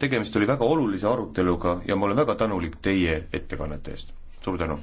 tegemist oli väga olulise aruteluga ja ma olen väga tänulik teie ettekannete eest. suur tänu!